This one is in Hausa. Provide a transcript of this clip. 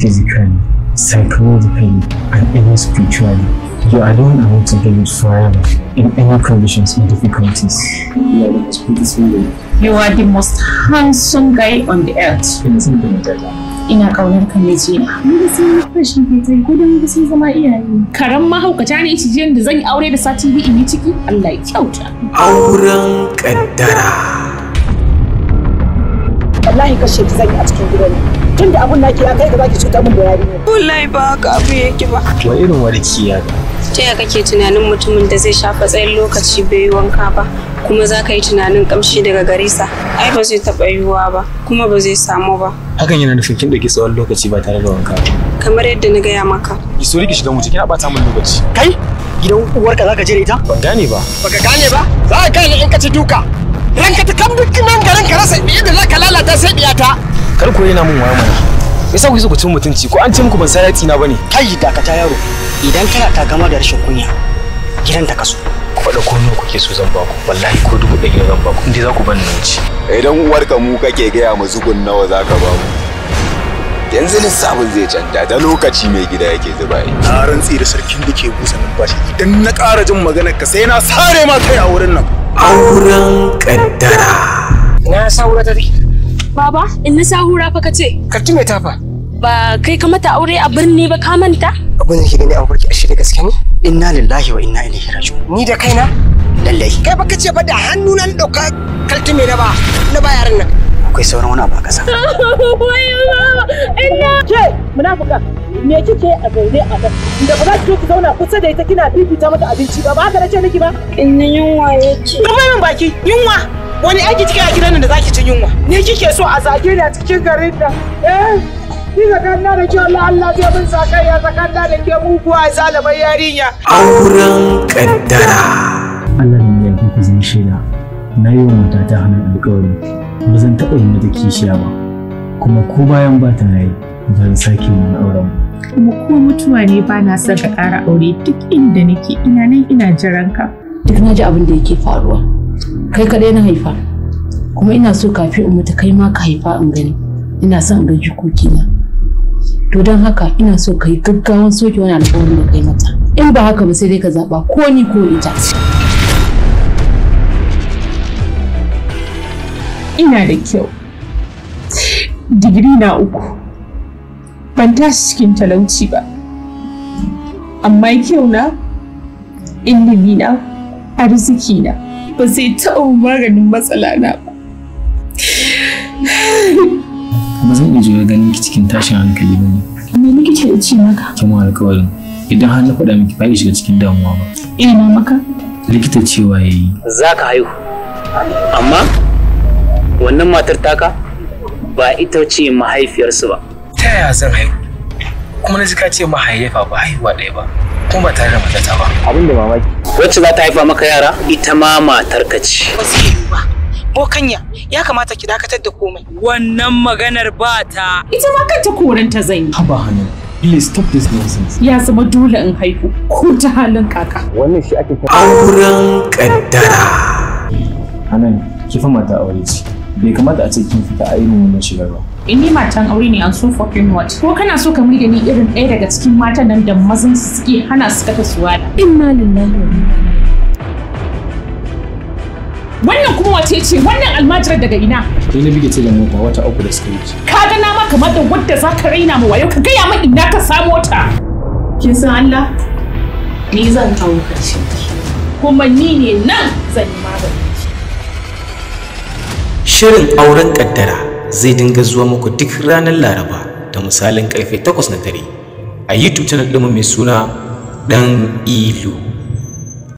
physically, psychologically, and even spiritually. You are the one I want to be with forever, in any conditions or difficulties. You are the most beautiful woman. You are the most handsome guy on the earth. Ina ƙaunar ka mijina. Mun ga sun shi ke fetai ko da mun sun zama iyaye. Karan mahaukata ne ci jiyan da zan yi aure da sati biyu in yi ciki? Allah ya kyauta. Auren kaddara. Wallahi kashe ki zan yi a cikin gidan tun da abun naki ya kai gaba ki cuta mun bayani ne. wallahi ba haka abu yake ba wa irin warki ya ga ta ya kake tunanin mutumin da zai shafa tsayin lokaci bai yi wanka ba kuma za ka yi tunanin kamshi daga garisa ai ba zai taɓa yiwuwa ba kuma ba zai samu ba hakan yana nufin kin ɗauki tsawon lokaci ba tare da wanka kamar yadda na gaya maka ki so ki shiga mutu kina ɓata min lokaci kai gidan uwarka za ka je da ita ban gane ba Ba ka gane ba za ka gane in ka ci duka ranka ta kan duk nan garin ka kar ku yana min waya mana yasa kuke so ku cin mutunci ko an ce muku ban sarati na bane kai dakata yaro idan kana takama da rashin kunya gidan ta kaso Ku faɗa ko nawa kuke so zan baku wallahi ko dubu ɗari zan baku inda za ku ban nan ci idan uwar ka mu kake gaya mu zugun nawa za ka ba mu yanzu lissafin zai canja da lokaci mai gida yake zuba ni na rantsi da sarkin da ke busa numfashi idan na ƙara jin maganar ka sai na sare ma kai a wurin nan auren kaddara na saura ta take Baba, in na sahura fa ka ce. Karti mai tafa. Ba kai ka mata aure a birni ba ka manta? Abin da ke gani an farki a shirya gaske ne? Inna lillahi wa inna ilaihi raji'un. Ni da kaina? Lallai. Kai ba ka ce ba da hannu na ɗauka kalti mai na ba na ba yaran nan. Akwai sauran wani abu a ƙasa. Inna. Ke munafuka. Me kike a zaune a kan Da ba za ki ki zauna kusa da ita kina fifita mata abinci ba ba haka na ce niki ba? Inna yunwa yake. Ka bai min baki yunwa. Wani aiki kika a gidan nan da zaki ci yunwa? Ni kike so a zage ni a cikin garin da Eh? Ni ga na da ke Allah Allah zai bin sakai ya zakan na da ke muguwa zalabar yarinya. Auren kaddara. Allah ne ya kuka zan shaida. Na yi wa ta hannun alƙawari, Ba zan taɓa yi mata kishiya ba. Kuma ko bayan ba ta na yi, ban sake auren kuma ko mutuwa ne ba na son ka ƙara aure duk inda nake ina nan ina jiran ka. Duk na ji abin da yake faruwa. kai kaɗai na haifa kuma ina so kafi in mutu kai ma ka haifa in gani ina son in ga jikokina to don haka ina so ka yi gaggawan soke wani alƙawarin da kai mata in ba haka ba sai dai ka zaɓa ko ni ko ita ina da kyau digiri na uku ban tashi cikin talauci ba amma kyau na ilimi na arziki na ba zai taɓa maganin matsala na ba. Ba zan iya jiya ganin ki cikin tashin hankali ba ne. Me likita ya ce maka? Kin wa alƙawarin idan har na faɗa miki ba shiga cikin damuwa ba. Ina eh, maka? Likita cewa ya yi. Za ka haihu. Amma wannan matar taka ba ita ce mahaifiyarsu ba. Ta yaya zan haihu? Kuma na ji ka ce mahaifa ba haihuwa ɗaya ba. kuma ba tare da matata ba abin da mamaki wacce za ta haifa maka yara ita ma matar ka ce ba zai yiwu ba bokanya ya kamata ki dakatar da komai wannan maganar ba ta ita ma kanta koranta zan yi haba hannu, Please stop this nonsense. Ya zama dole in haihu ko ta halin kaka. Wannan shi ake kira auren kaddara. Anan ki fa mata aure ce. bai kamata a ce kin fita a irin wannan shigar ba. In ni matan aure ne an so fucking what? Ko kana so ka maida ni irin ɗaya daga cikin matan nan da mazan su suke hana su kata suwa da. Inna lillahi wa inna Wannan kuma wace ce wannan almajirar daga ina? Ni na bige ce da mota wata uku da suka yi. Ka ga na ma kamar da wadda za ka raina ma wayo ka gaya min ina ka samo ta. Kin san Allah? Ni zan kawo ka kuma ni ne nan zan yi magani. Shirin auren kaddara zai dinga zuwa muku duk ranar Laraba da misalin karfe 8 na dare a YouTube channel ɗinmu mai suna Dan Ilu.